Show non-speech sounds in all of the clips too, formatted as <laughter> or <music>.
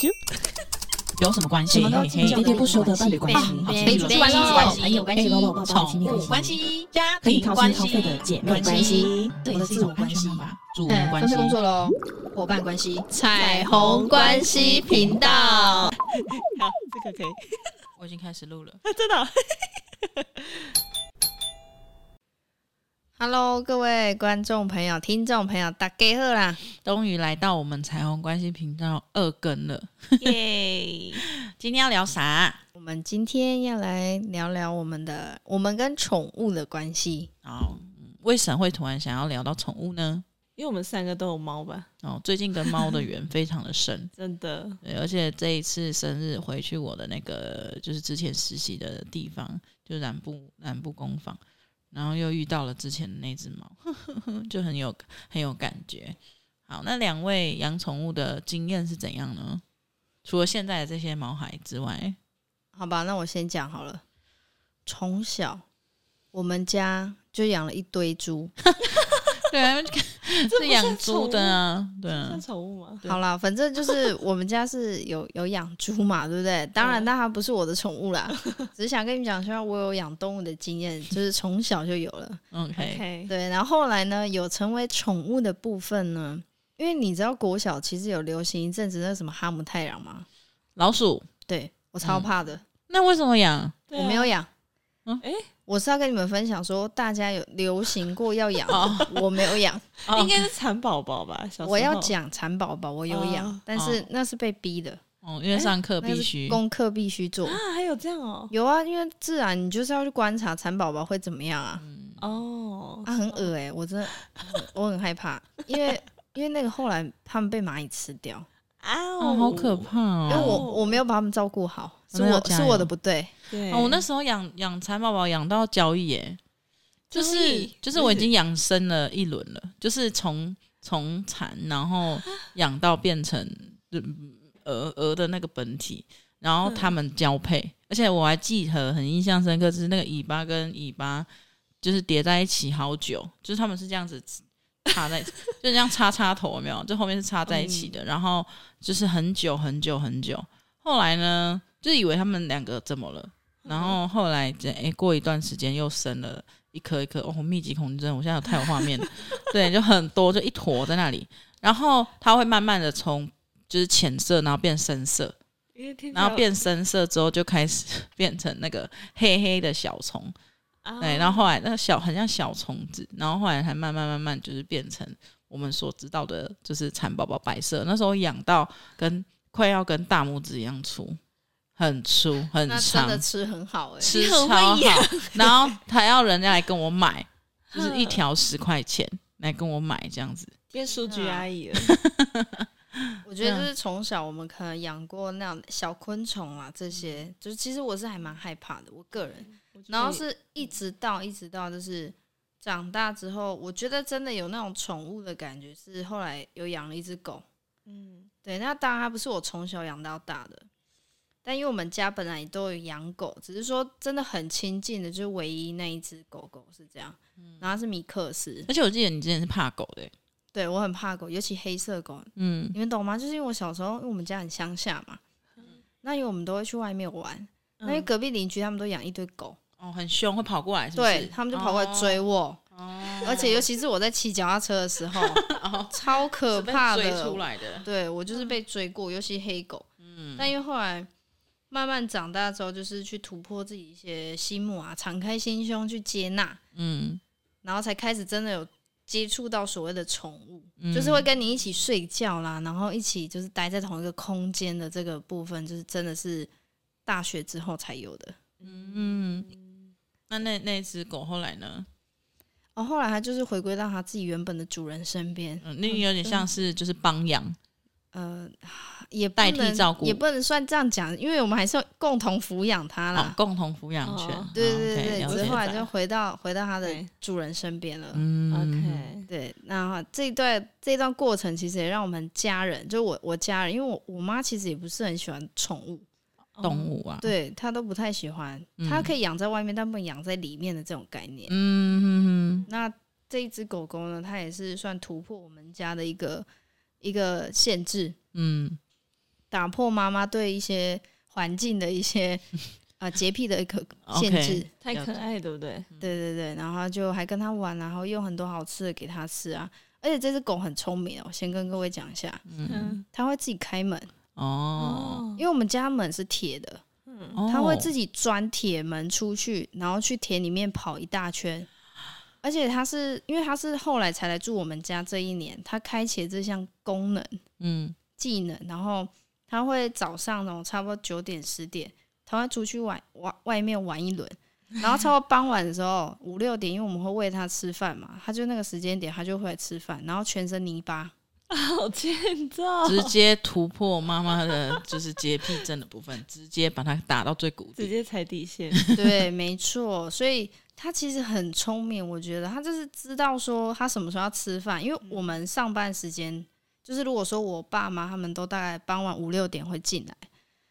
<laughs> 有什麼關係呢？喋喋不休的伴侶關係啊，可以，好，準備完囉。哎，寵物、喔欸、關係，家、欸、對關係的姐妹關係、嗯，對的，這種關係吧，主人、嗯、關係，工作嘍，夥伴關係，彩虹關係頻道。好，這個可以。我已經開始錄了。 <laughs> 真的、哦。 <laughs> Hello，各位觀眾朋友、聽眾朋友，大家好啦！終於來到我們彩虹關係頻道二更了，耶！ <laughs> 今天要聊啥？我們今天要來聊聊我們的我們跟寵物的關係。哦，為什麼會突然想要聊到寵物呢？因為我們三個都有貓吧。哦，最近跟貓的緣非常的深， <laughs> 真的。對，而且這一次生日回去，我的那個就是之前實習的地方，就南部南部工坊。然後又遇到了之前的那隻貓，呵呵呵，就很有很有感覺。好，那兩位養寵物的經驗是怎樣呢？除了現在的這些毛孩之外，好吧，那我先講好了。從小，我們家就養了一堆豬。 <laughs> 對、啊，是養豬的啊，對啊，是寵物嘛、啊。好啦，反正就是我們家是有有養豬嘛，對不對？當然，那它不是我的寵物啦。 <laughs> 只是想跟你們講一下，我有養動物的經驗，就是從小就有了。OK，, okay 對，然後後來呢，有成為寵物的部分呢，因為你知道國小其實有流行一陣子那什麼哈姆太郎嗎？老鼠。對，我超怕的。嗯、那為什麼養？我沒有養。哎、嗯，我是要跟你們分享說，大家有流行過要養、哦，我沒有養，應該是蠶寶寶吧，小時候？我要講蠶寶寶，我有養、哦，但是那是被逼的，哦，因為上課必須，欸、功課必須做啊，還有這樣哦，有啊，因為自然你就是要去觀察蠶寶寶會怎麼樣啊，嗯、哦，它、啊、很噁誒、欸、我真的我很害怕，因為因為那個後來他們被螞蟻吃掉。啊、哦，好可怕哦！因為我我沒有把他們照顧好、哦，是我是我的不對。對，啊、我那時候養養蠶寶寶養到交易哎，就是就是我已經養生了一輪了、嗯，就是從從蠶然後養到變成蛾蛾、呃呃、的那個本體，然後他們交配，嗯、而且我還記得很印象深刻，就是那個尾巴跟尾巴就是疊在一起好久，就是他們是這樣子。插在一起，就這樣插插頭有沒有？這後面是插在一起的。嗯、然後就是很久很久很久，後來呢，就以為他們兩個怎麼了？然後後來，誒過一段時間又生了一顆一顆哦，密集恐懼症。我現在有太有畫面 <laughs> 對，就很多，就一坨在那裡。然後它會慢慢的從就是淺色，然後變深色，然後變深色之後就開始變成那個黑黑的小蟲。Oh. 對，然後後來那個小很像小蟲子，然後後來才慢慢慢慢就是變成我們所知道的，就是蠶寶寶白色。那時候養到跟快要跟大拇指一樣粗，很粗很長，真的吃很好，吃很好，欸，吃超好很，然後他要人家來跟我買， <laughs> 就是一條十塊錢來跟我買這樣子，變書局阿姨了。 <laughs> 我覺得就是從小我們可能養過那種小昆蟲啊，這些就是其實我是還蠻害怕的，我個人。然後是一直到一直到就是長大之後，我覺得真的有那種寵物的感覺是後來有養了一隻狗，嗯，對。那當然它不是我從小養到大的，但因為我們家本來都有養狗，只是說真的很親近的，就是唯一那一隻狗狗是這樣。然後是米克斯，而且我記得你之前是怕狗的欸。對，我很怕狗，尤其黑色狗。嗯，你們懂嗎？就是因為我小時候，因為我們家很鄉下嘛、嗯，那因為我們都會去外面玩，嗯、那隔壁鄰居他們都養一堆狗，嗯、哦，很凶，會跑過來是不是？，對，他們就跑過來追我，哦，而且尤其是我在騎腳踏車的時候，哦、超可怕的，哦 <laughs> 哦、對，我就是被追過，尤其黑狗。嗯，但因為後來慢慢長大之後，就是去突破自己一些心魔啊，敞開心胸去接納，嗯，然後才開始真的有。接觸到所謂的寵物，嗯，就是會跟你一起睡覺啦，然後一起就是待在同一個空間的這個部分，就是真的是大學之後才有的。嗯，嗯，那那那隻狗後來呢？哦，後來它就是回歸到它自己原本的主人身邊。嗯，那個有點像是就是幫養。嗯呃，也不能也不能算這樣講，因為我們還是共同撫養它啦，哦。共同撫養權，哦，對對對，對，okay, 之後來就回到回到它的主人身邊了。嗯，OK，對，那這一段這一段過程其實也讓我們家人，就我我家人，因為我我媽其實也不是很喜歡寵物動物啊，對她都不太喜歡，她可以養在外面，嗯，但不能養在裡面的這種概念。嗯，那這一隻狗狗呢，它也是算突破我們家的一個。一個限制，嗯，打破媽媽對一些環境的一些啊潔癖的一個限制，太可愛，對不對？對對對，然後就還跟他玩，然後用很多好吃的給他吃啊。而且這只狗很聰明哦，先跟各位講一下嗯，嗯，他會自己開門哦，因為我們家門是鐵的，嗯、哦，他會自己鑽鐵門出去，然後去田裡面跑一大圈。而且他是因為他是後來才來住我們家這一年，他開啟這項功能，嗯，技能，然後他會早上從差不多九點十點，他會出去玩玩外面玩一輪，然後差不多傍晚的時候五六 <laughs> 點，因為我們會餵他吃飯嘛，他就那個時間點他就會來吃飯，然後全身泥巴，好欠揍，直接突破媽媽的就是潔癖症的部分， <laughs> 直接把他打到最谷底，直接踩底線，對，沒錯，所以。他其實很聰明，我覺得他就是知道說他什麼時候要吃飯，因為我們上班時間、嗯、就是如果說我爸媽他們都大概傍晚五六點會進來、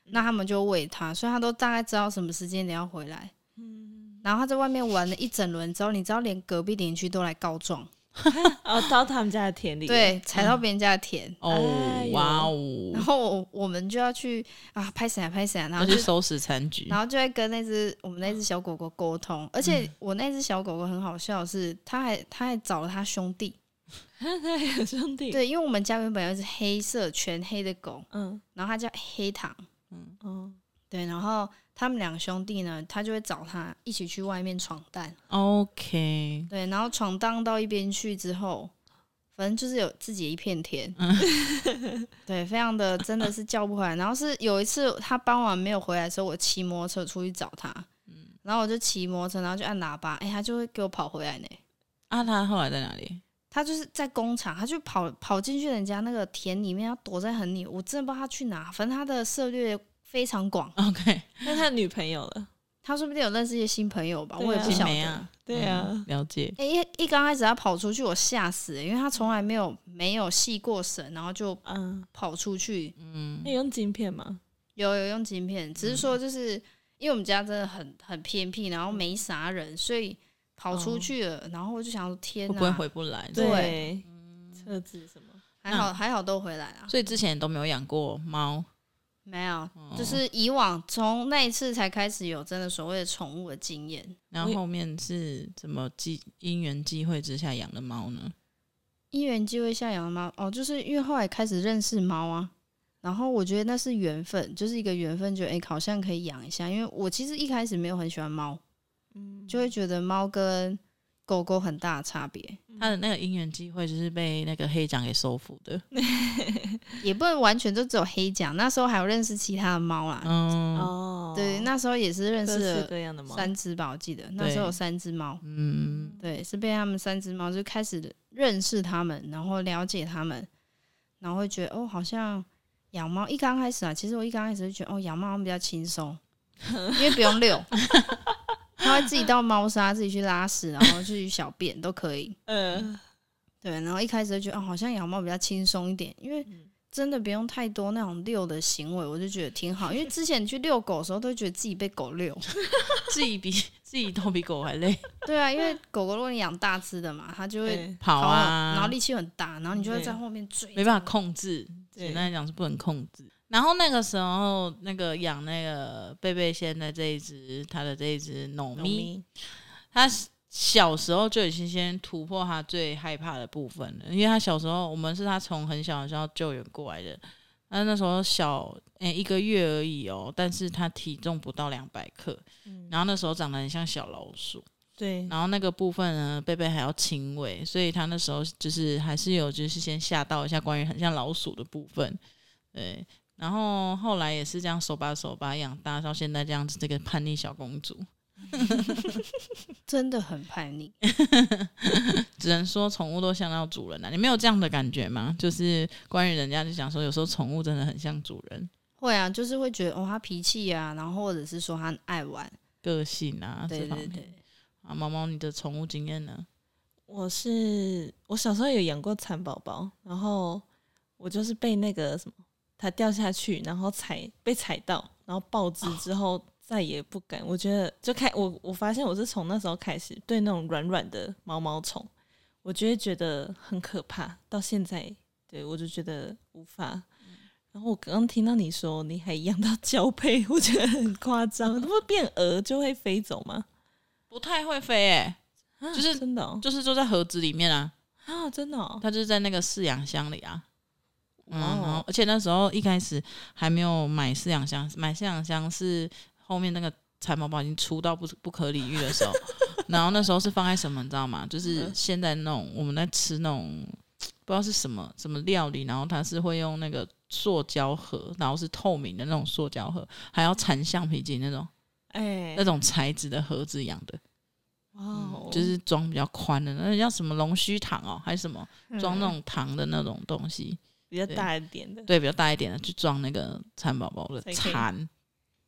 嗯，那他們就餵他，所以他都大概知道什麼時間你要回來、嗯。然後他在外面玩了一整輪之後，你知道連隔壁鄰居都來告狀。 <laughs> 哦，到他們家的田裡，對，踩、嗯、到別人家的田。哦、oh, 哎、哇哦！然後我們就要去啊，拍謝拍謝，然後就去收拾殘局，然後就會跟那只我們那只小狗狗溝通、嗯。而且我那只小狗狗很好笑是，是它還它還找了它兄弟， <laughs> 他有兄弟。對，因為我們家原本就是黑色全黑的狗，嗯，然後它叫黑糖，嗯嗯，對，然後。他們兩兄弟呢，他就會找他一起去外面闖蕩。OK，對，然後闖蕩到一邊去之後，反正就是有自己一片天。嗯、 <laughs> 對，非常的真的是叫不回來。然後是有一次他傍晚沒有回來的時候，我騎摩托車出去找他。嗯，然後我就騎摩托車，然後就按喇叭，哎、欸，他就會給我跑回來呢。啊，他後來在哪裡？他就是在工廠，他就跑跑進去人家那個田裡面，他躲在很裡，我真的不知道他去哪。反正他的策略。非常廣，OK。那他女朋友了，他說不定有認識一些新朋友吧，啊、我也不曉得、啊、對啊、嗯，了解。哎、欸，一一剛開始他跑出去，我嚇死了，因為他從來沒有沒有繫過繩，然後就嗯跑出去。嗯，你、嗯欸、用晶片嗎？有有用晶片，只是說就是、嗯、因為我們家真的很很偏僻，然後沒啥人，所以跑出去了。嗯、然後我就想說天、啊，天哪，不會回不來？對，對嗯、車子什麼還好、啊、還好都回來了。所以之前都沒有養過貓。沒有，哦，就是以往從那一次才開始有真的所謂的寵物的經驗。然後後面是怎麼機因緣機會之下養的貓呢？因緣機會下養的貓，哦，就是因為後來開始認識貓啊，然後我覺得那是緣分，就是一個緣分，覺得哎、欸、好像可以養一下。因為我其實一開始沒有很喜歡貓，嗯，就會覺得貓跟。狗狗很大的差別，他的那個因緣機會就是被那個黑醬給收服的， <laughs> 也不能完全就只有黑醬，那時候還有認識其他的貓啦、嗯。哦，對，那時候也是認識了三只吧，我記得各各那時候有三只貓。嗯，對，是被他們三只貓就開始認識他們，然後了解他們，然後會覺得哦，好像養貓一剛開始啊，其實我一剛開始就覺得哦，養貓比較輕鬆， <laughs> 因為不用遛。 <laughs> 他會自己到貓砂、啊、自己去拉屎，然後去小便都可以。嗯、呃，對。然後一開始就覺得、哦、好像養貓比較輕鬆一點，因為真的不用太多那種遛的行為，我就覺得挺好。因為之前去遛狗的時候，都會覺得自己被狗遛， <laughs> 自己比自己都比狗還累。對啊，因為狗狗如果你養大只的嘛，它就會跑啊，跑啊，然後力氣很大，然後你就會在後面追，沒辦法控制。對。簡單來講是不能控制。然後那個時候，那個養那個貝貝，現在這一只，它的這一只 Nomi，它小時候就已經先突破它最害怕的部分了。因為它小時候，我們是它從很小的時候救援過來的，它那時候小，哎、欸，一個月而已哦、喔，但是它體重不到兩百克、嗯，然後那時候長得很像小老鼠。對，然後那個部分呢，貝貝還要輕微，所以它那時候就是還是有就是先嚇到一下關於很像老鼠的部分，對。然後後來也是這樣手把手把養大，到現在這樣子，這個叛逆小公主 <laughs> 真的很叛逆 <laughs> ， <laughs> 只能說寵物都像到主人了。你沒有這樣的感覺嗎？就是關於人家就講說，有時候寵物真的很像主人、嗯，會啊，就是會覺得哦，他脾氣啊，然後或者是說他很愛玩、個性啊，對對對啊，毛毛，你的寵物經驗呢？我是我小時候有養過蠶寶寶，然後我就是被那個什麼。它掉下去，然後踩，被踩到，然後爆汁之後、哦、再也不敢。我覺得就開我，我發現我是從那時候開始對那種軟軟的毛毛蟲，我覺得覺得很可怕。到現在對，我就覺得無法。然後我剛剛聽到你說你還養到交配，我覺得很誇張。嗯、它會變蛾，就會飛走嗎？不太會飛、欸，哎、啊，就是真的、哦，就是坐在盒子裡面啊啊、哦，真的、哦，它就是在那個飼養箱裡啊。嗯，而且那時候一開始還沒有買飼養箱，買飼養箱是後面那個蠶寶寶已經出到不不可理喻的時候。 <laughs> 然後那時候是放在什麼，你知道嗎？就是現在那種我們在吃那種不知道是什麼什麼料理，然後它是會用那個塑膠盒，然後是透明的那種塑膠盒，還要纏橡皮筋那種，哎、欸，那種材質的盒子養的。哦、嗯，就是裝比較寬的，那叫什麼龍鬚糖哦，還是什麼裝那種糖的那種東西。嗯比較大一點的，對，對比較大一點的去裝那個蠶寶寶的蠶，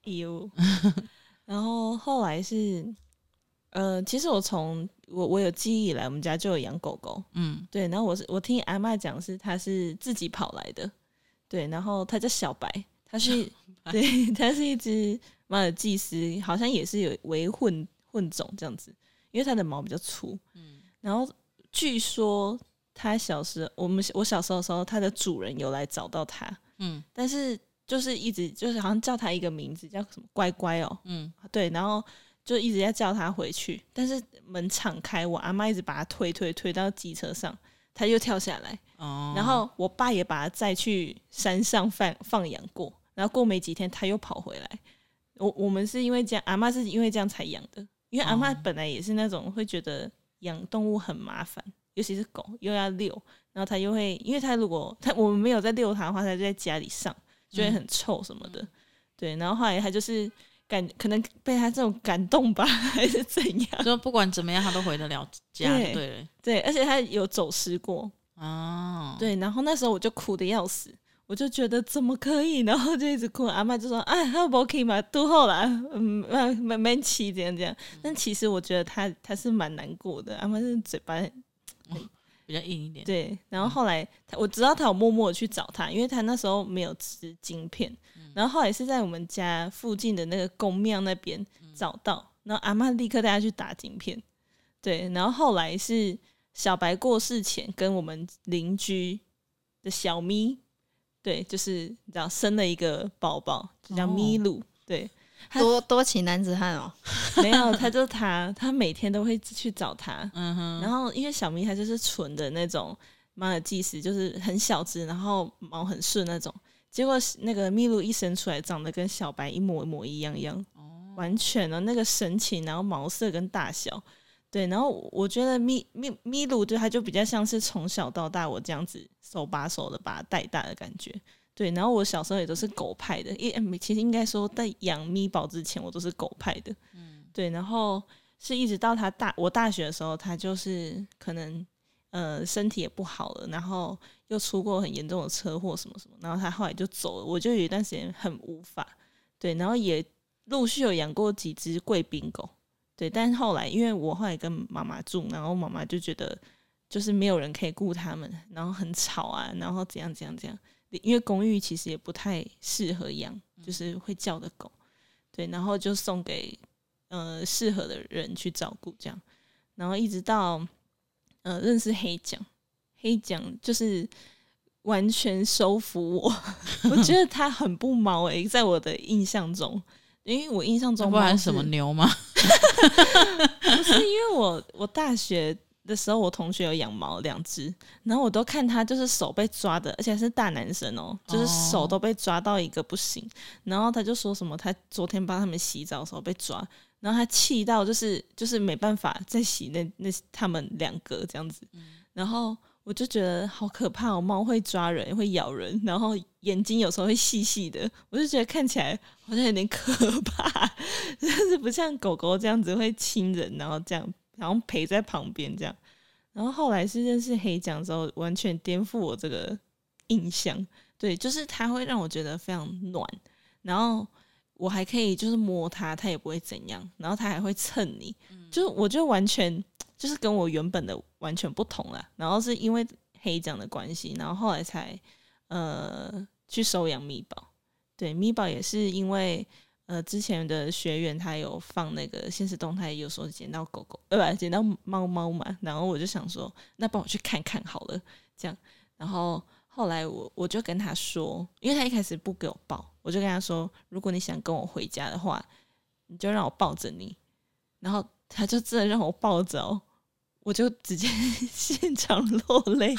有。 <laughs> 然後後來是，呃，其實我從我我有記憶以來，我們家就有養狗狗，嗯，對。然後我是我聽阿嬤講是，它是自己跑來的，對。然後它叫小白，它是，對，它是一隻馬爾濟斯，好像也是有微混混種這樣子，因為它的毛比較粗，嗯。然後據說。它小時，我們我小時候的時候，他的主人有來找到他，嗯，但是就是一直就是好像叫他一個名字，叫什麼乖乖哦，嗯，對，然後就一直在叫他回去，但是門敞開，我阿媽一直把他推推推到機車上，他又跳下來，哦，然後我爸也把他載去山上放放養過，然後過沒幾天他又跑回來，我我們是因為這樣，阿媽是因為這樣才養的，因為阿媽、哦、本來也是那種會覺得養動物很麻煩。尤其是狗又要遛，然後它又會，因為它如果它我們沒有在遛它的話，它就在家裡上，就會很臭什麼的，嗯、對。然後後來它就是感可能被它這種感動吧，還是怎樣？就不管怎麼樣，它都回得了家對，對。對，而且它有走失過啊、哦。對，然後那時候我就哭得要死，我就覺得怎麼可以，然後就一直哭。阿嬤就說：“哎、啊，還 OK 嘛？都後來嗯慢慢起，這樣這樣。”但其實我覺得他他是蠻難過的，阿嬤是嘴巴。哦、比較硬一點，對。然後後來，嗯、他我知道他有默默的去找他，因為他那時候沒有吃晶片，嗯。然後後來是在我們家附近的那個宮廟那邊找到，嗯。然後阿媽立刻帶他去打晶片，對。然後後來是小白過世前，跟我們鄰居的小咪，對，就是你知道生了一個寶寶，哦，就叫咪嚕，對。多多情男子漢哦， <laughs> 沒有，他就他，他每天都會去找他。嗯哼，然後因為小咪他就是純的那種馬爾濟斯，就是很小只，然後毛很順那種。結果那個咪露一生出來，長得跟小白一模一模一樣一樣，哦，完全的那個神情，然後毛色跟大小，對。然後我覺得咪咪咪露對他就比較像是從小到大，我這樣子手把手的把他帶大的感覺。對，然後我小時候也都是狗派的，因為其實應該說在養米寶之前，我都是狗派的。嗯，對，然後是一直到他大我大學的時候，他就是可能呃身體也不好了，然後又出過很嚴重的車禍什麼什麼，然後他後來就走了，我就有一段時間很無法。對，然後也陸續有養過幾隻貴賓狗，對，但是後來因為我後來跟媽媽住，然後媽媽就覺得就是沒有人可以顧他們，然後很吵啊，然後怎樣怎樣怎樣。因為公寓其實也不太適合養，就是會叫的狗，對，然後就送給呃適合的人去照顧，這樣，然後一直到呃認識黑醬，黑醬就是完全收服我，我覺得他很不毛、欸。誒，在我的印象中，因為我印象中是不然什麼牛嗎？ <laughs> 不是因為我我大學。的時候，我同學有養貓兩隻，然後我都看他就是手被抓的，而且是大男生哦，就是手都被抓到一個不行。然後他就說什麼，他昨天幫他們洗澡的時候被抓，然後他氣到就是就是沒辦法再洗那那他們兩個這樣子。然後我就覺得好可怕哦，貓會抓人會咬人，然後眼睛有時候會細細的，我就覺得看起來好像有點可怕，就是不像狗狗這樣子會親人，然後這樣。然後陪在旁邊這樣，然後後來是認識黑醬之後，完全顛覆我這個印象。對，就是他會讓我覺得非常暖，然後我還可以就是摸他，他也不會怎樣，然後他還會蹭你，就是我就完全就是跟我原本的完全不同了。然後是因為黑醬的關係，然後後來才呃去收養米寶。對，米寶也是因為。呃，之前的學員他有放那個限時動態，有時候撿到狗狗，呃，不，撿到貓貓嘛。然後我就想說，那幫我去看看好了，這樣。然後後來我我就跟他說，因為他一開始不給我抱，我就跟他說，如果你想跟我回家的話，你就讓我抱着你。然後他就真的讓我抱着，我就直接現場落淚，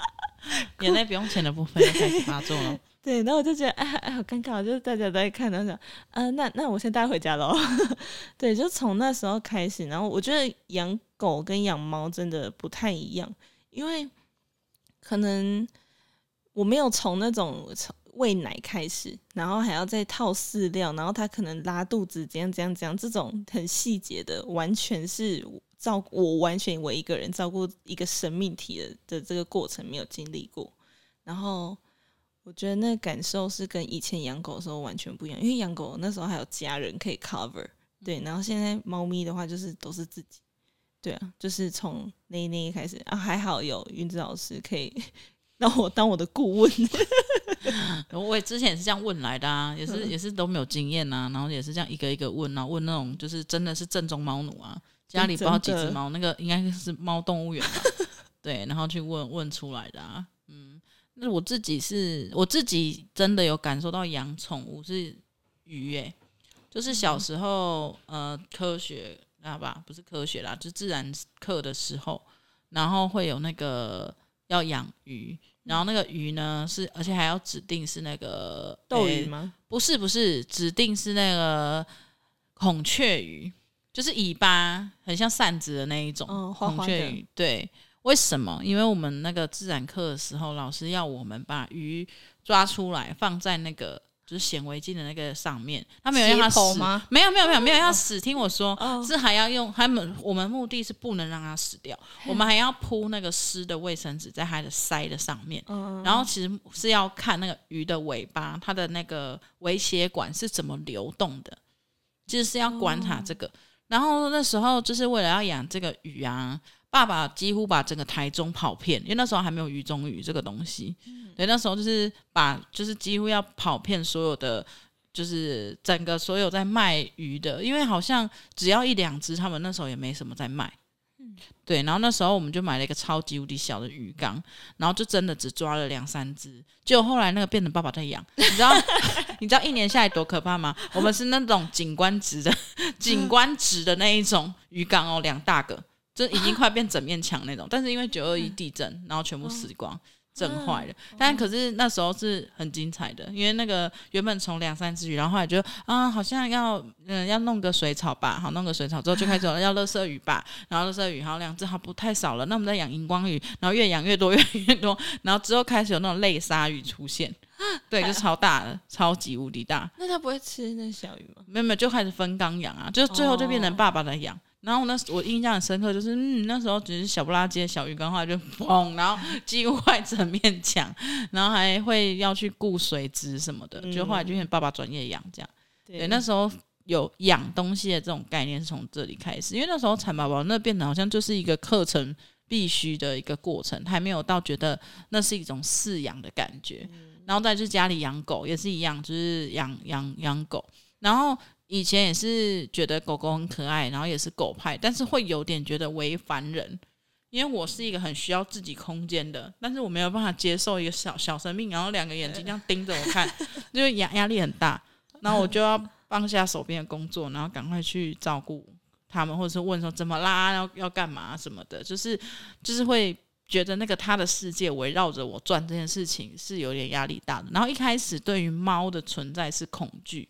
<laughs> 眼淚不用錢的部分又 <laughs> 開始發作了。對，然後我就覺得哎哎，好尷尬，就是大家都在看，然後想嗯、呃，那那我先帶回家咯。 <laughs> 對，就從那時候開始，然後我覺得養狗跟養貓真的不太一樣，因為可能我沒有從那種從餵奶開始，然後還要再套飼料，然後它可能拉肚子，這樣這樣這樣，這種很細節的，完全是照我完全我一個人照顧一個生命體的的這個過程沒有經歷過，然後。我覺得那感受是跟以前養狗的時候完全不一樣，因為養狗那時候還有家人可以 cover，對。然後現在貓咪的話就是都是自己，對啊，就是從那一那一開始啊，還好有芸子老師可以讓我當我的顧問。 <laughs> 我之前也是這樣問來的啊，也是也是都沒有經驗啊，然後也是這樣一個一個問，然後問那種就是真的是正宗貓奴啊，家裡不知道幾隻貓，那個應該是貓動物園吧，對，然後去問問出來的啊。那我自己是，我自己真的有感受到養寵物是魚誒、欸，就是小時候、嗯、呃科學，知、啊、道吧？不是科學啦，就是、自然課的時候，然後會有那個要養魚，然後那個魚呢是，而且還要指定是那個鬥魚嗎？欸、不是，不是，指定是那個孔雀魚，就是尾巴很像扇子的那一種、嗯、花花孔雀魚，對。為什麼？因為我們那個自然課的時候，老師要我們把魚抓出來放在那個就是顯微鏡的那個上面。他沒有讓它死？嗎，沒有沒有沒有沒有、哦、要死。聽我說，哦、是還要用，他們我們目的是不能讓它死掉。啊、我們還要鋪那個濕的衛生紙在它的鰓的上面，嗯嗯。然後其實是要看那個魚的尾巴，它的那個微血管是怎麼流動的，其、就、實是要觀察這個、哦。然後那時候就是為了要養這個魚啊。爸爸幾乎把整個台中跑遍，因為那時候還沒有魚中魚這個東西，嗯。對，那時候就是把，就是幾乎要跑遍所有的，就是整個所有在賣魚的，因為好像只要一兩隻，他們那時候也沒什麼在賣。嗯，對。然後那時候我們就買了一個超級無敵小的魚缸，然後就真的只抓了兩三隻，結果後來那個變成爸爸在養。 <laughs> 你知道，你知道一年下來多可怕嗎？ <laughs> 我們是那種景觀池的，景觀池的那一種魚缸哦，兩大個。就已經快變整面牆那種，但是因為九二一地震、嗯，然後全部死光，哦、震壞了、嗯。但可是那時候是很精彩的，因為那個原本從兩三只魚，然後後來就啊、呃，好像要嗯、呃、要弄個水草吧，好弄個水草之後就開始要垃圾魚吧， <laughs> 然後垃圾魚，好像兩只好不太少了，那我們在養熒光魚，然後越養越多，越來越多，然後之後開始有那種淚鯊魚出現，對，就超大的， <laughs> 超級無敵大。那它不會吃那小魚嗎？沒有沒有，就開始分缸養啊，就是最後就變成爸爸在養。哦然後那我印象很深刻，就是嗯，那時候只是小不拉幾的小魚缸，後來就砰，然後擊壞整面牆，然後還會要去顧水質什麼的，就、嗯、後來就變爸爸專業養這樣對。對，那時候有養東西的這種概念是從這裡開始，因為那時候蠶寶寶那變得好像就是一個課程必須的一個過程，還沒有到覺得那是一種飼養的感覺。嗯、然後再來就是家裡養狗也是一樣，就是養養養狗，然後。以前也是覺得狗狗很可愛，然後也是狗派，但是會有點覺得微煩人，因為我是一個很需要自己空間的，但是我沒有辦法接受一個小小生命，然後兩個眼睛這樣盯着我看， <laughs> 就壓壓力很大。然後我就要放下手邊的工作，然後趕快去照顧他們，或者是問說怎麼啦，要要幹嘛什麼的，就是就是會覺得那個它的世界圍繞着我轉這件事情是有點壓力大的。然後一開始對於貓的存在是恐懼。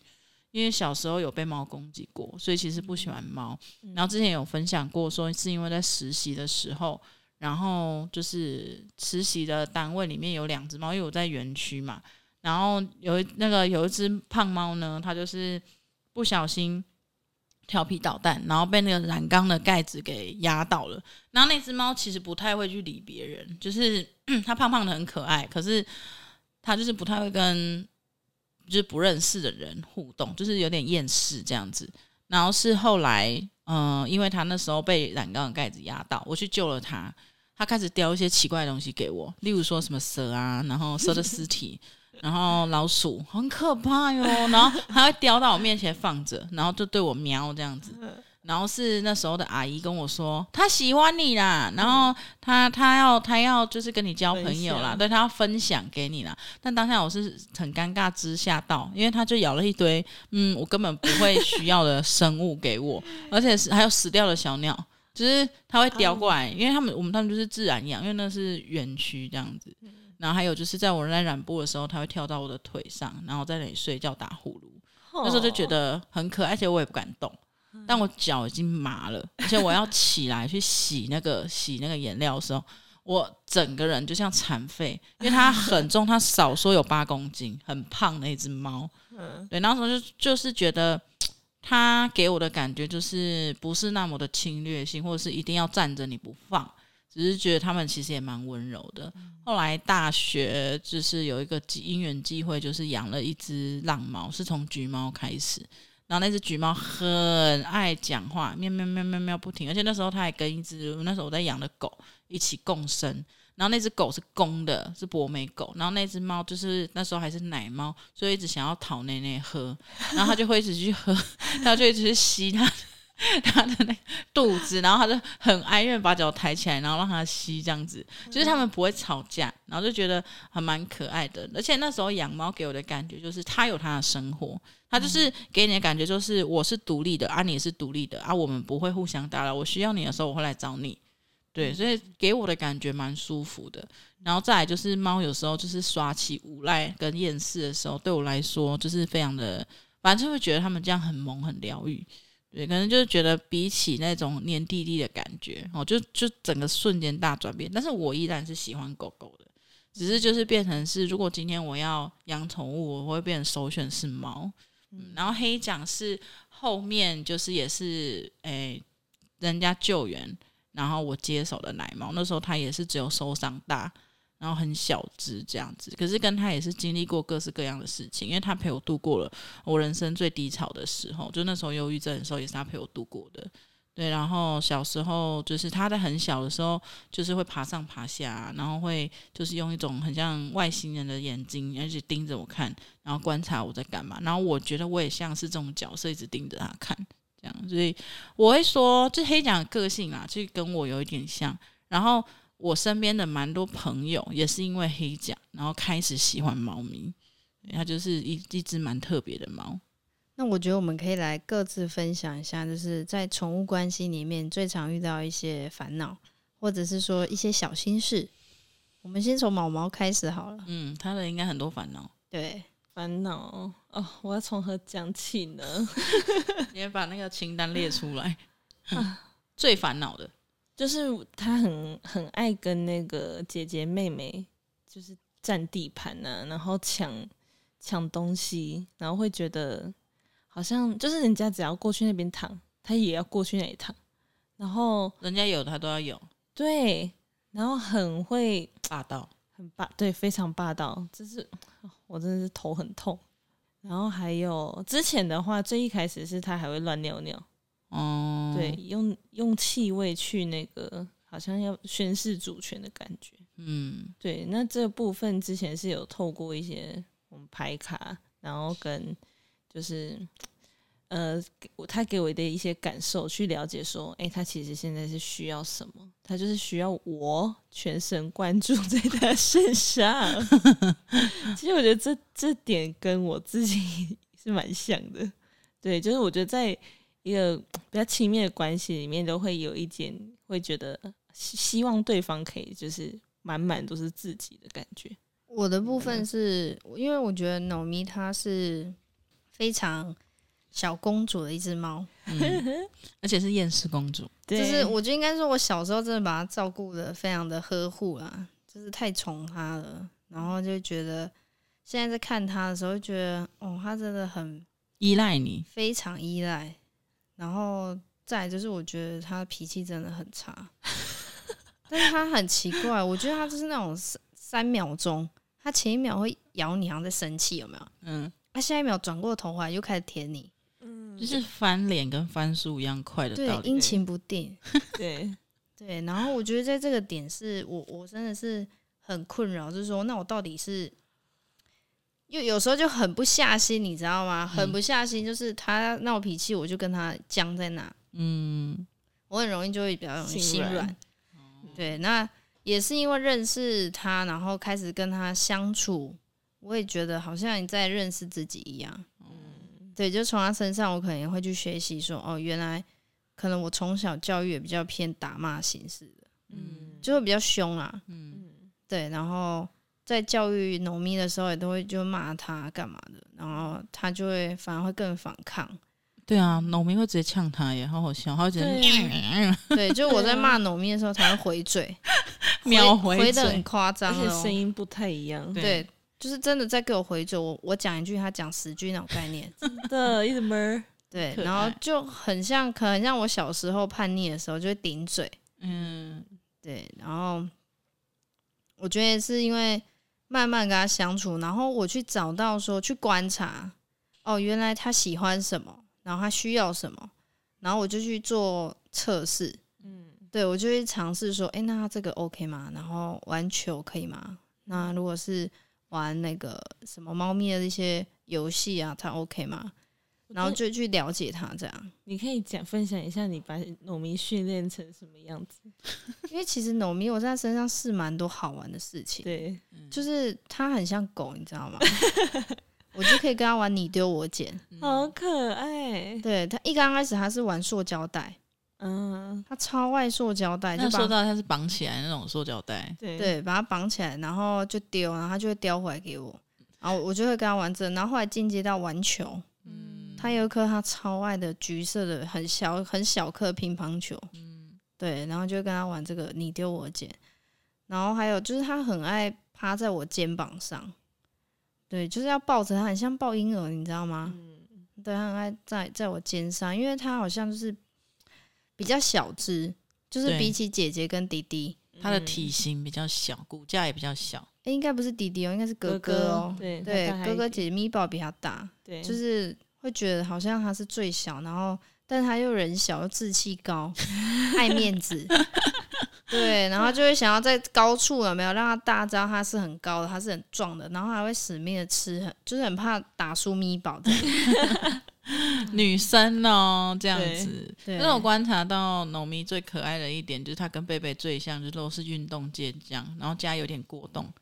因為小時候有被貓攻擊過，所以其實不喜歡貓。然後之前有分享過，說是因為在實習的時候，然後就是實習的單位裡面有兩隻貓，因為我在園區嘛，然後有一那個有一隻胖貓呢，它就是不小心調皮搗蛋，然後被那個藍缸的蓋子給壓到了。然後那隻貓其實不太會去理別人，就是、嗯、它胖胖的很可愛，可是它就是不太會跟。就是不認識的人互動，就是有點厭世這樣子。然後是後來，嗯、呃，因為他那時候被染缸的蓋子壓到，我去救了他。他開始叼一些奇怪的東西給我，例如說什麼蛇啊，然後蛇的屍體， <laughs> 然後老鼠，很可怕喲。然後他會叼到我面前放着，然後就對我喵這樣子。然後是那時候的阿姨跟我說，他喜歡你啦，然後他他要他要就是跟你交朋友啦，對他要分享給你啦。但當下我是很尷尬之下到，因為他就咬了一堆，嗯，我根本不會需要的生物給我， <laughs> 而且是還有死掉的小鳥，就是他會叼過來，啊、因為他們我們他們就是自然養，因為那是園區這樣子。然後還有就是在我在染布的時候，他會跳到我的腿上，然後在那裡睡覺打呼嚕，哦、那時候就覺得很可愛，而且我也不敢動。但我腳已經麻了，而且我要起來去洗那個 <laughs> 洗那個顏料的時候，我整個人就像殘廢，因為它很重，它少說有八公斤，很胖的一隻貓。 <laughs> 對，那時候就就是覺得它給我的感覺就是不是那麼的侵略性，或者是一定要站着你不放，只是覺得他們其實也蠻溫柔的。後來大學就是有一個機因緣機會，就是養了一隻浪貓，是從橘貓開始。然後那隻橘貓很愛講話，喵喵喵喵喵不停，而且那時候它還跟一隻那時候我在養的狗一起共生。然後那隻狗是公的，是博美狗，然後那隻貓就是那時候還是奶貓，所以一直想要討奶奶喝，然後它就會一直去喝，它 <laughs> <laughs> 就一直去吸它。他的那個肚子，然後他就很哀怨，把腳抬起來，然後讓它吸這樣子。就是他們不會吵架，然後就覺得還蠻可愛的。而且那時候養貓給我的感覺就是，它有它的生活，它就是給你的感覺就是，我是獨立的，而、啊、你也是獨立的，而、啊、我們不會互相打擾。我需要你的時候，我會來找你。對，所以給我的感覺蠻舒服的。然後再來就是，貓有時候就是耍起無賴跟厭世的時候，對我來說就是非常的，反正就會覺得他們這樣很萌，很療癒。對，可能就是覺得比起那種黏弟弟的感覺，哦，就就整個瞬間大轉變。但是我依然是喜歡狗狗的，只是就是變成是，如果今天我要養寵物，我會變成首選是貓。嗯嗯、然後黑醬是後面就是也是，誒、欸，人家救援，然後我接手的奶貓，那時候它也是只有手掌大。然後很小只這樣子，可是跟他也是經歷過各式各樣的事情，因為他陪我度過了我人生最低潮的時候，就那時候憂鬱症的時候也是他陪我度過的。對，然後小時候就是他在很小的時候就是會爬上爬下、啊，然後會就是用一種很像外星人的眼睛，而且盯着我看，然後觀察我在幹嘛。然後我覺得我也像是這種角色，一直盯着他看，這樣。所以我會說，就黑醬的個性啊，就跟我有一點像。然後。我身邊的蠻多朋友也是因為黑醬，然後開始喜歡貓咪。它就是一一隻蠻特別的貓。那我覺得我們可以來各自分享一下，就是在寵物關係裡面最常遇到一些煩惱，或者是說一些小心事。我們先從毛毛開始好了。嗯，他的應該很多煩惱。對，煩惱哦，我要從何講起呢？你 <laughs> 要把那個清單列出來，啊、最煩惱的。就是他很很愛跟那個姐姐妹妹，就是佔地盤啊，然後搶搶東西，然後會覺得好像就是人家只要過去那邊躺，他也要過去那裡躺，然後人家有的他都要有，對，然後很會霸道，很霸，對，非常霸道，就是我真的是頭很痛。然後還有之前的話，最一開始是他還會亂尿尿。哦、oh.，對，用用氣味去那個，好像要宣示主權的感覺。嗯、mm.，對，那這部分之前是有透過一些我們牌卡，然後跟就是呃，我他給我的一些感受去了解，說，哎、欸，他其實現在是需要什麼？他就是需要我全神貫注在他身上。 <laughs> <laughs> 其實我覺得這這點跟我自己是蠻像的。對，就是我覺得在。一個比較親密的關係裡面，都會有一點會覺得希望對方可以就是滿滿都是自己的感覺。我的部分是因為我覺得 Nomi 它是非常小公主的一只貓，嗯、 <laughs> 而且是厭世公主，對。就是我就應該說，我小時候真的把它照顧的非常的呵護了，就是太寵它了。然後就覺得現在在看它的時候，覺得哦，它真的很依賴你，非常依賴。然後再就是，我覺得他的脾氣真的很差， <laughs> 但是他很奇怪，我覺得他就是那種三三秒鐘，他前一秒會咬你，好像在生氣，有沒有？嗯。他、啊、下一秒轉過頭來又開始舔你，嗯，就是翻臉跟翻書一樣快的。對，陰晴不定。 <laughs> 對對，然後我覺得在這個點是我我真的是很困擾，就是說，那我到底是？因為有時候就狠不下心，你知道嗎？狠不下心，就是他鬧脾氣，我就跟他僵在那。嗯，我很容易就會比較容易心軟。對，那也是因為認識他，然後開始跟他相處，我也覺得好像你在認識自己一樣。嗯，對，就從他身上，我可能也會去學習說，哦，原來可能我從小教育也比較偏打罵形式的，嗯，就會比較凶啊。嗯，對，然後。在教育 Nomi 的時候，也都會就罵他幹嘛的，然後他就會反而會更反抗。對啊，Nomi 會直接嗆他，也好好笑，然後直接嗆嗆。對，啊、 <laughs> 對，就我在罵 Nomi 的時候，他會回嘴，回秒回嘴，回得很誇張的，而且聲音不太一樣對。對，就是真的在給我回嘴，我我講一句，他講十句那種概念。 <laughs> 真的，一直悶。對，然後就很像，可能像我小時候叛逆的時候，就會頂嘴。嗯，對，然後我覺得是因為。慢慢跟他相處，然後我去找到說去觀察，哦，原來他喜歡什麼，然後他需要什麼，然後我就去做測試，嗯，對，我就會嘗試說，哎、欸，那他這個 OK 嗎？然後玩球可以嗎？那如果是玩那個什麼貓咪的那些遊戲啊，他 OK 嗎？然後就去了解他，這樣你可以講分享一下你把 Nomi 訓練成什麼樣子？ <laughs> 因為其實 Nomi 我在他身上試蠻多好玩的事情，對，嗯、就是它很像狗，你知道嗎？ <laughs> 我就可以跟它玩你丟我撿、嗯，好可愛。對，它一剛開始它是玩塑膠袋，嗯，它超愛塑膠袋，塑膠袋它是綁起來那種塑膠袋，對對，把它綁起來，然後就丟，然後它就會叼回來給我，然後我就會跟它玩這個，然後後來進階到玩球。他有一顆他超愛的橘色的很小很小顆乒乓球，嗯，對，然後就跟他玩這個你丟我撿，然後還有就是他很愛趴在我肩膀上，對，就是要抱着他，很像抱嬰兒，你知道嗎？嗯、對，他很愛在在我肩上，因為他好像就是比較小只，就是比起姐姐跟弟弟，他的體型比較小，骨架也比較小。哎、嗯欸，應該不是弟弟哦、喔，應該是哥哥哦。對對，哥哥姐姐米寶比他大，對，就是。會覺得好像他是最小，然後，但是他又人小又志氣高， <laughs> 愛面子，對，然後就會想要在高處了。有沒有讓他大家知道？他是很高的，他是很壯的，然後還會死命的吃很，就是很怕打輸米寶的 <laughs> 女生哦，這樣子。那我觀察到 Nomi 最可愛的一點就是他跟貝貝最像，就是都是運動健將，然後家有點過動，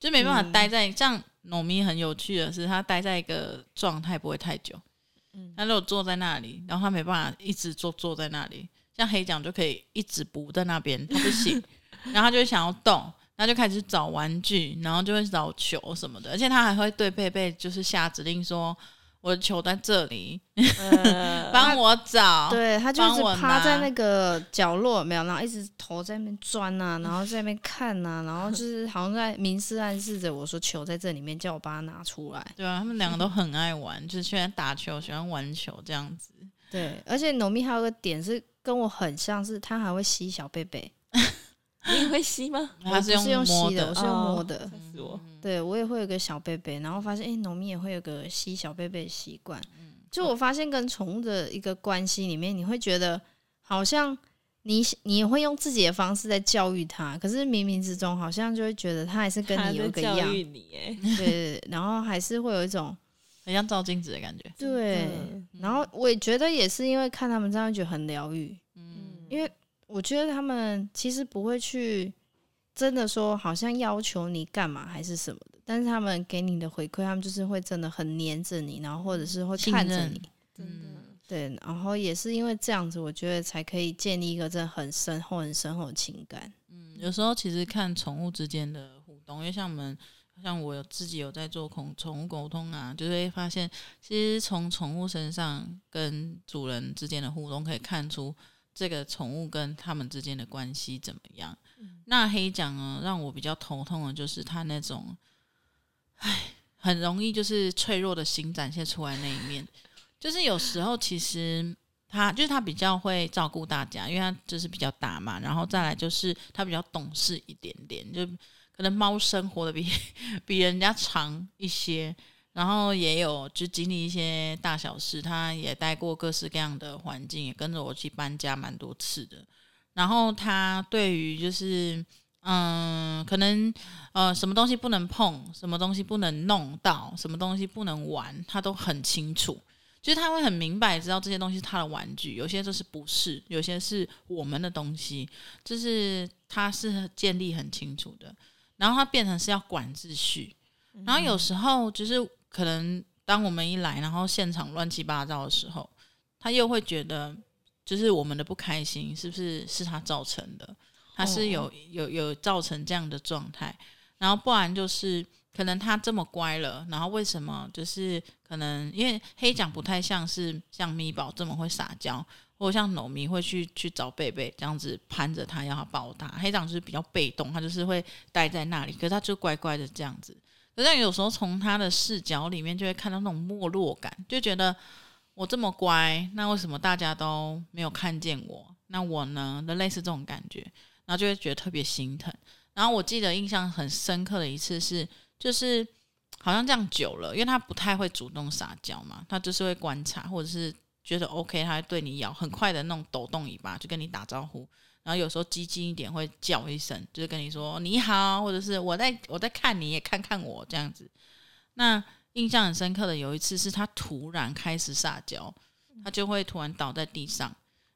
就沒辦法待在這樣。嗯 Nomi 很有趣的是，他待在一個狀態不會太久，他如果坐在那裡，然後他沒辦法一直坐坐在那裡。像黑醬就可以一直補在那邊，他不行， <laughs> 然後他就會想要動，他就開始找玩具，然後就會找球什麼的，而且他還會對貝貝就是下指令說，我的球在這裡，幫、呃、 <laughs> 我找。他對他就一直趴在那個角落，沒有，然後一直頭在那邊鑽吶，然後在那邊看吶、啊，然後就是好像在明示暗示着我說球在這裡面，叫我把它拿出來。對啊，他們兩個都很愛玩，嗯、就是喜歡打球，喜歡玩球這樣子。對，而且 Nomi 還有個點是跟我很像是，他還會吸小貝貝。 <laughs> 你也會吸嗎？我是用吸的，我是用摸的。哦、對我也會有個小被被，然後發現，哎、欸，Nomi 也會有個吸小被被的習慣。就我發現跟寵物的一個關係裡面，你會覺得好像你你會用自己的方式在教育它，可是冥冥之中好像就會覺得它還是跟你有一個樣。教育你、欸、對，對，對，然後還是會有一種 <laughs> 很像照鏡子的感覺。對，然後我覺得也是因為看他們這樣，覺得很療癒。嗯，因為。我覺得他們其實不會去真的說，好像要求你幹嘛，還是什麼的。但是他們給你的回饋，他們就是會真的很黏着你，然後或者是會看着你，真的、嗯、對。然後也是因為這樣子，我覺得才可以建立一個這很深厚、很深厚的情感。嗯，有時候其實看寵物之間的互動，因為像我們，像我有自己有在做寵寵物溝通啊，就會發現，其實從寵物身上跟主人之間的互動可以看出，這個寵物跟他們之間的關係怎麼樣？那黑醬呢，讓我比較頭痛的就是他那種，唉，很容易就是脆弱的心展現出來那一面。就是有時候其實他就是他比較會照顧大家，因為他就是比較大嘛，然後再來就是他比較懂事一點點，就可能貓生活的比比人家長一些。然後也有就經歷一些大小事，他也待過各式各樣的環境，也跟着我去搬家蠻多次的。然後他對於就是嗯，可能呃，什麼東西不能碰，什麼東西不能弄到，什麼東西不能玩，他都很清楚。就是他會很明白，知道這些東西是他的玩具，有些就是不是，有些是我們的東西，就是他是建立很清楚的。然後他變成是要管秩序，嗯、然後有時候就是。可能當我們一來，然後現場亂七八糟的時候，他又會覺得，就是我們的不開心是不是是他造成的？他是有、oh. 有有造成這樣的狀態。然後不然就是，可能他這麼乖了，然後為什麼就是可能因為黑醬不太像是像米寶這麼會撒嬌，或像糯米會去去找貝貝這樣子攀着他要他抱他。黑醬就是比較被動，他就是會待在那裡，可是他就乖乖的這樣子。好像有時候從他的視角裡面就會看到那種沒落感，就覺得我這麼乖，那為什麼大家都沒有看見我？那我呢的類似這種感覺，然後就會覺得特別心疼。然後我記得印象很深刻的一次是，就是好像這樣久了，因為他不太會主動撒嬌嘛，他就是會觀察，或者是覺得 OK，他會對你咬，很快的那種抖動尾巴就跟你打招呼。然後有時候激進一點會叫一聲，就是跟你說你好，或者是我在，我在看你也看看我這樣子。那印象很深刻的有一次是它突然開始撒嬌，它就會突然倒在地上，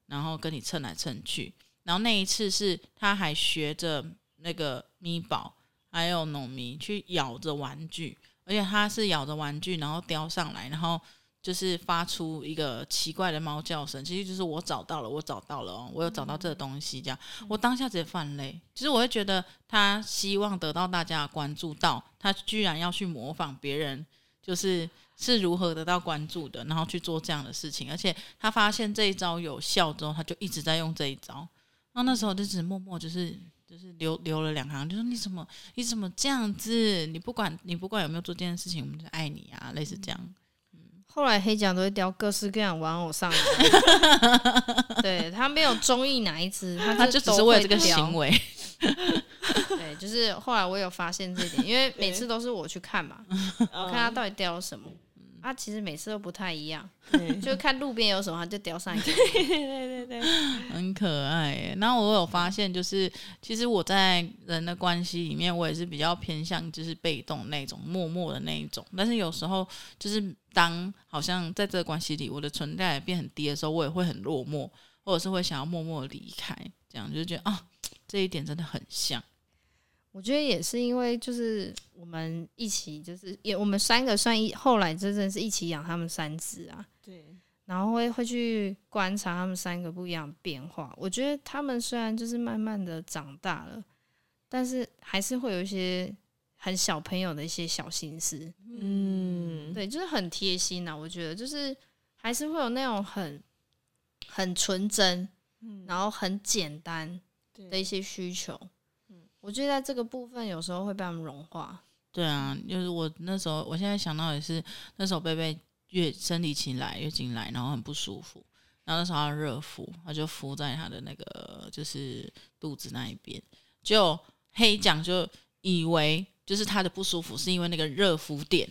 然後跟你蹭來蹭去。然後那一次是它還學着那個米寶還有 Nomi 去咬着玩具，而且它是咬着玩具然後叼上來，然後。就是發出一個奇怪的貓叫聲，其實就是我找到了，我找到了哦，我有找到這個東西，這樣我當下直接泛淚。其實我會覺得他希望得到大家的關注到，他居然要去模仿別人，就是是如何得到關注的，然後去做這樣的事情。而且他發現這一招有效之後，他就一直在用這一招。那那時候就只默默就是就是流流了兩行，就說你怎麼你怎麼這樣子？你不管你不管有沒有做這件事情，我們就愛你啊，類似這樣。後來黑醬都會雕各式各樣玩偶上來， <laughs> 對他沒有中意哪一只，他就只是為了這個行為。 <laughs> 對，就是後來我有發現這點，因為每次都是我去看嘛，我看他到底雕了什麼。啊，其實每次都不太一樣，就看路邊有什麼就叼上一個。 <laughs> 對對對，對，很可愛。然後我有發現，就是其實我在人的關係裡面，我也是比較偏向就是被動那種，默默的那一種。但是有時候就是當好像在這個關係裡，我的存在變很低的時候，我也會很落寞，或者是會想要默默離開，這樣就覺得啊，這一點真的很像。我覺得也是因為就是我們一起就是也我們三個算一後來就真正是一起養他們三隻啊，對，然後會會去觀察他們三個不一樣的變化。我覺得他們雖然就是慢慢的長大了，但是還是會有一些很小朋友的一些小心思，嗯，對，就是很貼心啊。我覺得就是還是會有那種很很純真，然後很簡單的一些需求。我覺得在這個部分，有時候會被他們融化。對啊，就是我那時候，我現在想到也是那時候被被越生理起來生理期來越進來，來，然後很不舒服。然後那時候要他熱敷，他就敷在他的那個就是肚子那一邊。就黑講黑醬就以為就是他的不舒服是因為那個熱敷墊，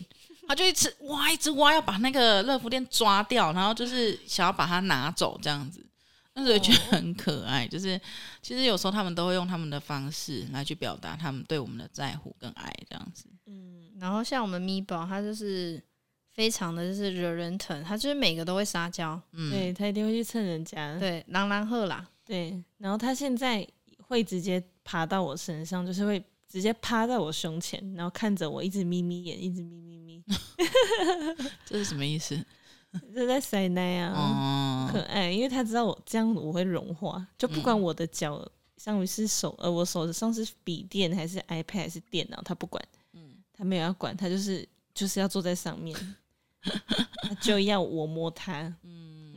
他就一直挖一直挖，要把那個熱敷墊抓掉，然後就是想要把它拿走這樣子。但是我覺得很可愛，哦、就是其實有時候他們都會用他們的方式來去表達他們對我們的在乎跟愛這樣子。嗯，然後像我們米寶，他就是非常的就是惹人疼，他就是每個都會撒嬌、嗯，對，他一定會去蹭人家。對，狼狼喝啦，對，然後他現在會直接爬到我身上，就是會直接趴在我胸前，然後看着我一直眯眯眼，一直眯眯眯， <laughs> 這是什麼意思？就在塞奶啊，可愛，因為他知道我這樣我會融化，就不管我的腳上、嗯、像是手，呃，我手上是筆電還是 iPad 還是電腦，他不管、嗯，他沒有要管，他就是就是要坐在上面， <laughs> 就要我摸它。嗯，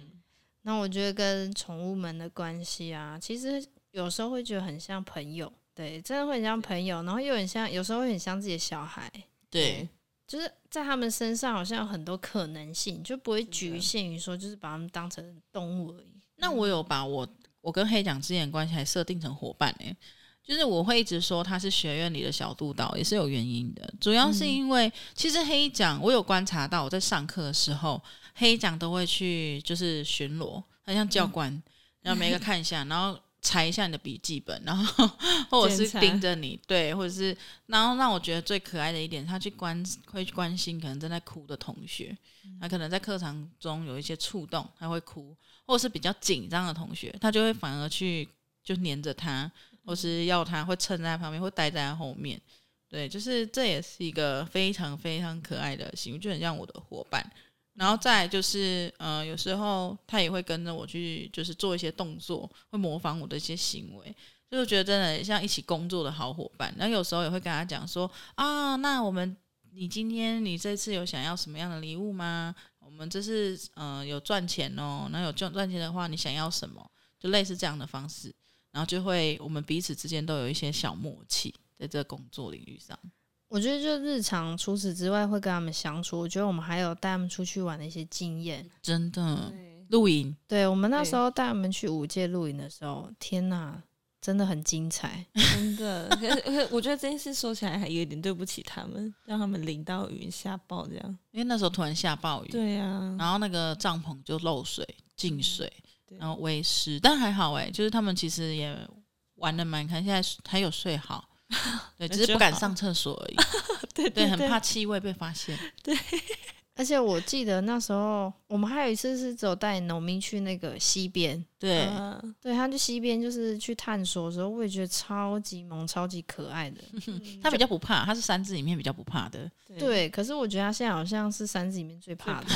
那我覺得跟寵物們的關係啊，其實有時候會覺得很像朋友，對，真的會很像朋友，然後又很像，有時候會很像自己的小孩，對。就是在他們身上好像有很多可能性，就不會侷限於說就是把他們當成動物而已。那我有把我我跟黑醬之間的關係還設定成夥伴呢、欸？就是我會一直說他是學院裡的小督導，也是有原因的，主要是因為、嗯、其實黑醬我有觀察到，我在上課的時候黑醬都會去就是巡邏，很像教官，嗯、然後每個看一下，然後。拆一下你的筆記本，然後或者是盯着你，對，或者是然後讓我覺得最可愛的一點，他去關會去關心可能正在哭的同學，他可能在課堂中有一些觸動，他會哭，或者是比較緊張的同學，他就會反而去就黏着他，或是要他會蹭在他旁邊，會待在他後面，對，就是這也是一個非常非常可愛的行為，就很像我的夥伴。然後再來就是，呃，有時候他也會跟着我去，就是做一些動作，會模仿我的一些行為，就是覺得真的像一起工作的好夥伴。然後有時候也會跟他講說，啊，那我們你今天你這次有想要什麼樣的禮物嗎？我們這是，嗯、呃，有賺錢哦，那有賺賺錢的話，你想要什麼？就類似這樣的方式，然後就會我們彼此之間都有一些小默契，在這個工作領域上。我覺得就日常，除此之外會跟他們相處。我覺得我們還有帶他們出去玩的一些經驗，真的。露營，對我們那時候帶他們去武界露營的時候，天哪、啊，真的很精彩，真的。我覺得這件事說起來還有一點對不起他們， <laughs> 讓他們淋到雨下暴這樣。因為那時候突然下暴雨，對呀、啊，然後那個帳篷就漏水進水，然後微濕，但還好誒、欸，就是他們其實也玩的蠻，開心現在還有睡好。 <laughs> 對，只是不敢上廁所而已。 <laughs> 對，對，對，對，對很怕氣味被發現。 <laughs> 對，而且我記得那時候我們還有一次是走帶 Nomi 去那個溪邊，對、啊、對，他去溪邊就是去探索的時候，我也覺得超級萌、超級可愛的。嗯、他比較不怕，他是三隻裡面比較不怕的。對，可是我覺得他現在好像是三隻裡面最怕的。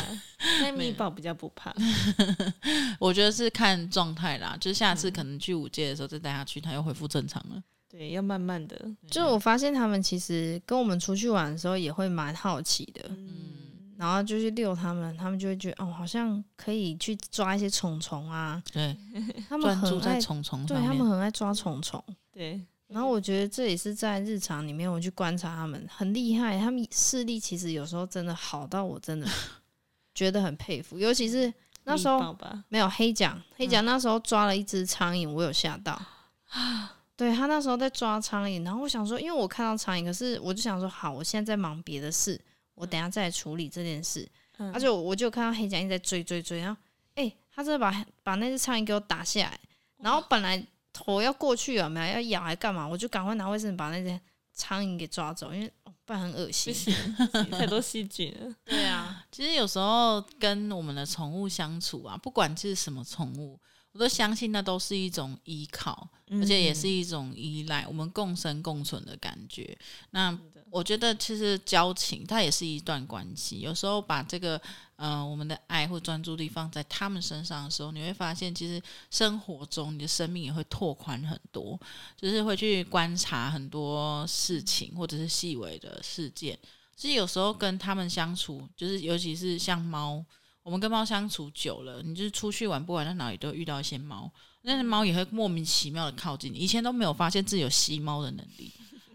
那米寶比較不怕， <laughs> 我覺得是看狀態啦。就是下次可能去武界的時候再帶他去，他又恢復正常了。對，要慢慢的。就我發現他們其實跟我們出去玩的時候也會蠻好奇的，嗯，然後就去遛他們，他們就會覺得哦，好像可以去抓一些蟲蟲啊。對，他們很愛蟲蟲， <laughs> 對他們很愛抓蟲蟲。對，然後我覺得這也是在日常裡面，我去觀察他們很厲害，他們視力其實有時候真的好到我真的覺得很佩服。尤其是那時候沒有黑醬，黑醬那時候抓了一隻蒼蠅，我有嚇到啊。嗯對，他那時候在抓蒼蠅，然後我想說，因為我看到蒼蠅，可是我就想說，好，我現在在忙別的事，嗯、我等下再來處理這件事。而、嗯、且、啊、我就看到黑醬一直在追追追，然後哎、欸，他就把把那隻蒼蠅給我打下來，然後本來頭要過去有沒有，要咬還幹嘛，我就趕快拿衛生紙把那些蒼蠅給抓走，因為不然很惡心，太多細菌了。對啊，其實有時候跟我們的寵物相處啊，不管是什麼寵物。我都相信，那都是一種依靠，嗯嗯，而且也是一種依賴，我們共生共存的感覺。那我覺得，其實交情它也是一段關係。有時候把這個，嗯、呃，我們的愛或專注力放在他們身上的時候，你會發現，其實生活中你的生命也會拓寬很多，就是會去觀察很多事情，或者是細微的事件。所以有時候跟他們相處，就是尤其是像貓。我們跟貓相處久了，你就是出去玩，不管在哪裡都會遇到一些貓，那些貓也會莫名其妙的靠近你。以前都沒有發現自己有吸貓的能力，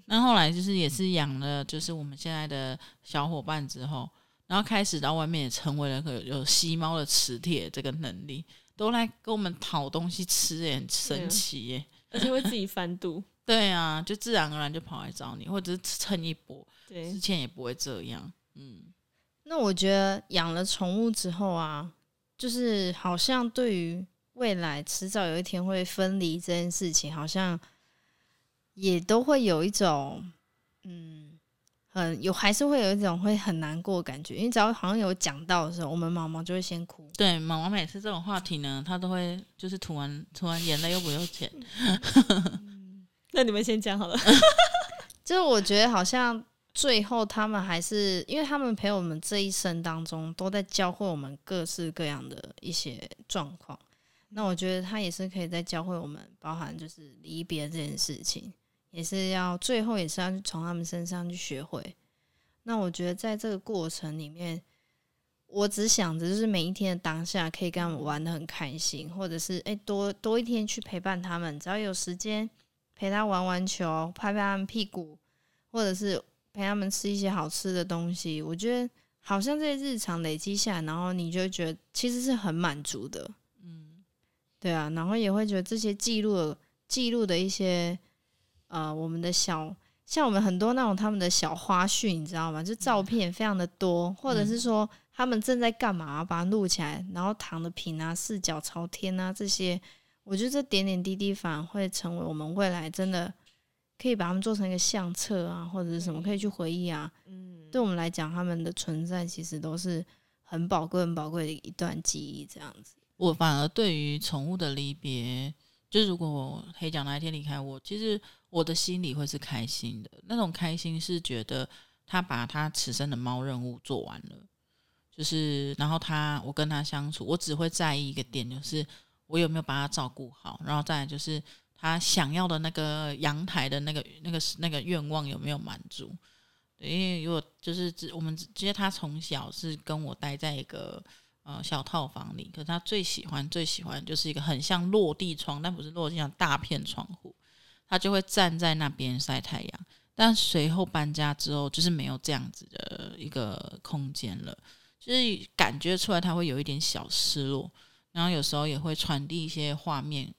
那後來就是也是養了，就是我們現在的小伙伴之後，然後開始到外面也成為了可有吸貓的磁鐵，這個能力都來跟我們討東西吃，也很神奇耶，對啊，而且會自己翻肚。 <laughs> 對啊，就自然而然就跑來找你，或者是蹭一波。之前也不會這樣。嗯。那我覺得養了寵物之後啊，就是好像對於未來遲早有一天會分離這件事情，好像也都會有一種嗯，很有還是會有一種會很難過的感覺。因為只要好像有講到的時候，我們毛毛就會先哭。對，毛毛每次這種話題呢，他都會就是吐完吐完眼淚又不用錢 <laughs> 、嗯。那你們先講好了， <laughs> <laughs> 就是我覺得好像。最後，他們還是因為他們陪我們這一生當中，都在教會我們各式各樣的一些狀況。那我覺得他也是可以在教會我們，包含就是離別這件事情，也是要最後也是要去從他們身上去學會。那我覺得在這個過程裡面，我只想着就是每一天的當下，可以跟他們玩得很開心，或者是誒、欸，多多一天去陪伴他們，只要有時間陪他玩玩球，拍拍他們屁股，或者是。陪他們吃一些好吃的東西，我覺得好像在日常累積下，然後你就覺得其實是很滿足的。嗯，對啊，然後也會覺得這些記錄記錄的一些呃我們的小像我們很多那種他們的小花絮，你知道嗎？就照片非常的多，嗯、或者是說他們正在幹嘛，把它錄起來，然後躺的平啊，四腳朝天啊這些，我覺得這點點滴滴反而會成為我們未來真的。可以把它們做成一個相冊啊，或者是什麼，可以去回憶啊。嗯，對我們來講，他們的存在其實都是很寶貴、很寶貴的一段記憶。這樣子，我反而對於寵物的離別，就是如果黑醬那一天離開我，其實我的心裡會是開心的。那種開心是覺得他把他此生的貓任務做完了，就是然後他我跟他相處，我只會在意一個點，就是我有沒有把他照顧好，然後再來就是。他想要的那個陽台的那個那個那個願望有沒有滿足？對，因為如果就是我們直接他從小是跟我待在一個呃小套房裡，可是他最喜歡最喜歡就是一個很像落地窗，但不是落地窗，大片窗戶，他就會站在那邊曬太陽。但隨後搬家之後，就是沒有這樣子的一個空間了，就是感覺出來他會有一點小失落，然後有時候也會傳遞一些畫面。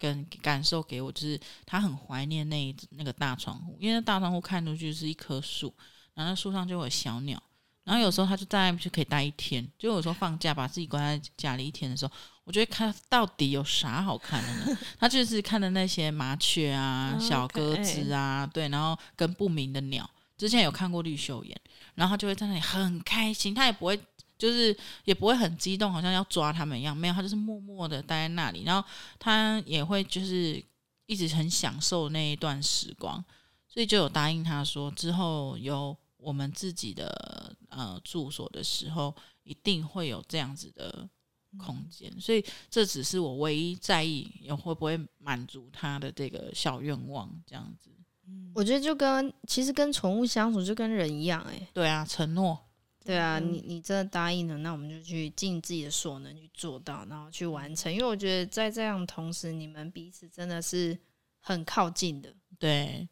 跟感受給我，就是他很懷念那一那個大窗戶，因為那大窗戶看出去就是一棵樹，然後樹上就有小鳥，然後有時候他就在那就可以待一天，就有時候放假把自己關在家裡一天的時候，我覺得看到底有啥好看的呢？ <laughs> 他就是看的那些麻雀啊、小鴿子啊，Okay. 對，然後跟不明的鳥，之前有看過綠繡眼，然後他就會在那裡很開心，他也不會。就是也不會很激動，好像要抓他們一樣。沒有，他就是默默的待在那裡，然後他也會就是一直很享受那一段時光，所以就有答應他說之後有我們自己的呃住所的時候，一定會有這樣子的空間。嗯。所以這只是我唯一在意也會不會滿足他的這個小願望這樣子。嗯，我覺得就跟其實跟寵物相處就跟人一樣欸，誒。對啊，承諾。對啊，你你真的答應了，那我們就去盡自己的所能去做到，然後去完成。因為我覺得在這樣同時，你們彼此真的是很靠近的。對，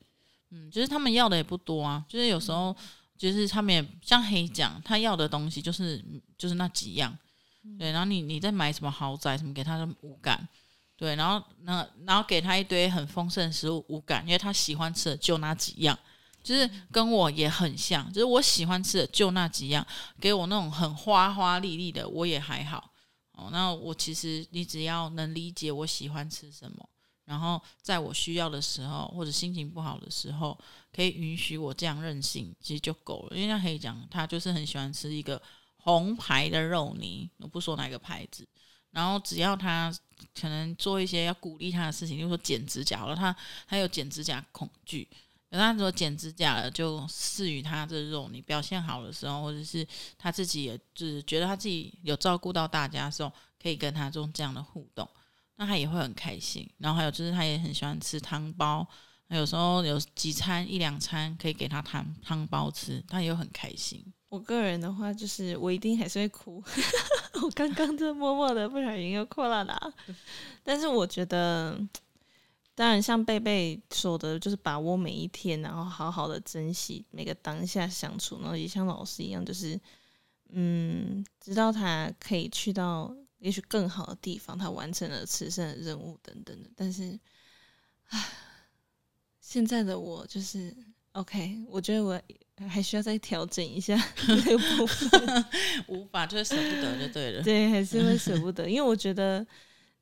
嗯，就是他們要的也不多啊。就是有時候，就是他們也、嗯、像黑醬，他要的東西就是就是那幾樣。嗯、對，然後你你再買什麼豪宅什麼給他的無感，對，然後那然後給他一堆很豐盛的食物無感，因為他喜歡吃的就那幾樣。就是跟我也很像，就是我喜歡吃的就那幾樣，給我那種很花花綠綠的我也還好哦。那我其實你只要能理解我喜歡吃什麼，然後在我需要的時候或者心情不好的時候，可以允許我這樣任性，其實就夠了。因為像黑醬，他就是很喜歡吃一個紅牌的肉泥，我不說哪個牌子，然後只要他可能做一些要鼓勵他的事情，就說剪指甲，好了，他他有剪指甲恐懼。等他如果剪指甲了，就賜予他這種你表現好的時候，或者是他自己也就是覺得他自己有照顧到大家的時候，可以跟他做這樣的互動，那他也會很開心。然後還有就是他也很喜歡吃湯包，有時候有幾餐一兩餐可以給他湯湯，湯包吃，他也會很開心。我個人的話，就是我一定還是會哭。 <laughs> 我剛剛就默默的 <laughs> 不小心又哭了啦，但是我覺得。當然，像貝貝說的，就是把握每一天，然後好好的珍惜每個當下相處，然後也像老師一樣，就是嗯，知道他可以去到也許更好的地方，他完成了此生的任務等等的。但是，唉，現在的我就是 OK，我覺得我還需要再調整一下。 <laughs> <laughs> 無法，就是捨不得，就對了。對，還是會捨不得， <laughs> 因為我覺得。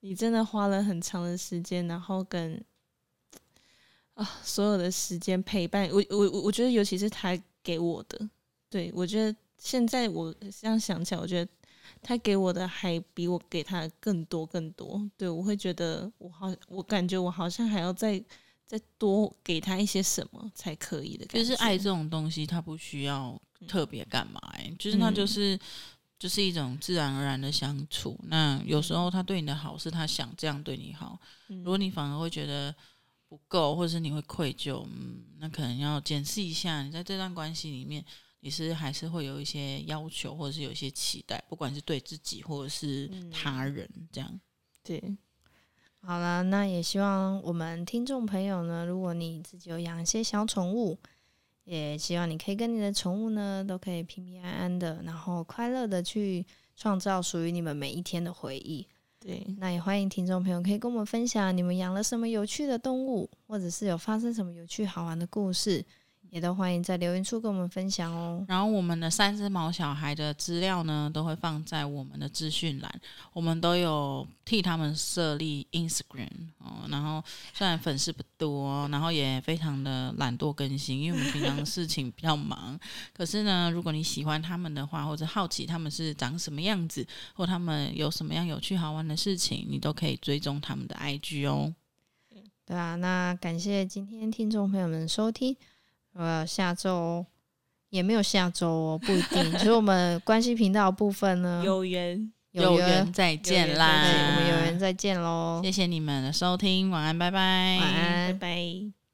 你真的花了很長的時間，然後跟啊所有的時間陪伴我，我我我覺得，尤其是他給我的，對，我覺得現在我這樣想起來，我覺得他給我的還比我給他更多更多。對，我會覺得我好，我感覺我好像還要再再多給他一些什麼才可以的感覺。就是愛這種東西，他不需要特別幹嘛、欸，嗯、就是那就是。就是一種自然而然的相處。那有時候他對你的好是他想這樣對你好，嗯、如果你反而會覺得不夠，或者是你會愧疚，嗯，那可能要檢視一下，你在這段關係裡面，你是還是會有一些要求，或者是有一些期待，不管是對自己或者是他人、嗯，這樣。對，好了，那也希望我們聽眾朋友呢，如果你自己有養一些小寵物。也希望你可以跟你的寵物呢，都可以平平安安的，然後快樂的去創造屬於你們每一天的回憶。對，那也歡迎聽眾朋友可以跟我們分享你們養了什麼有趣的動物，或者是有發生什麼有趣好玩的故事。也都歡迎在留言處跟我們分享哦。然後我們的三只毛小孩的資料呢，都會放在我們的資訊欄。我們都有替他們設立 Instagram 哦。然後雖然粉絲不多，然後也非常的懶惰更新，因為我們平常事情比較忙。 <laughs> 可是呢，如果你喜歡他們的話，或者好奇他們是長什麼樣子，或他們有什麼樣有趣好玩的事情，你都可以追蹤他們的 IG 哦。嗯，對啊，那感謝今天聽眾朋友們收聽。呃，下週也沒有下週喔，不一定。所 <laughs> 以我們關係頻道的部分呢，有緣有緣再見啦，我們有緣再見嘍。謝謝你們的收聽，晚安，拜拜，晚安，拜拜。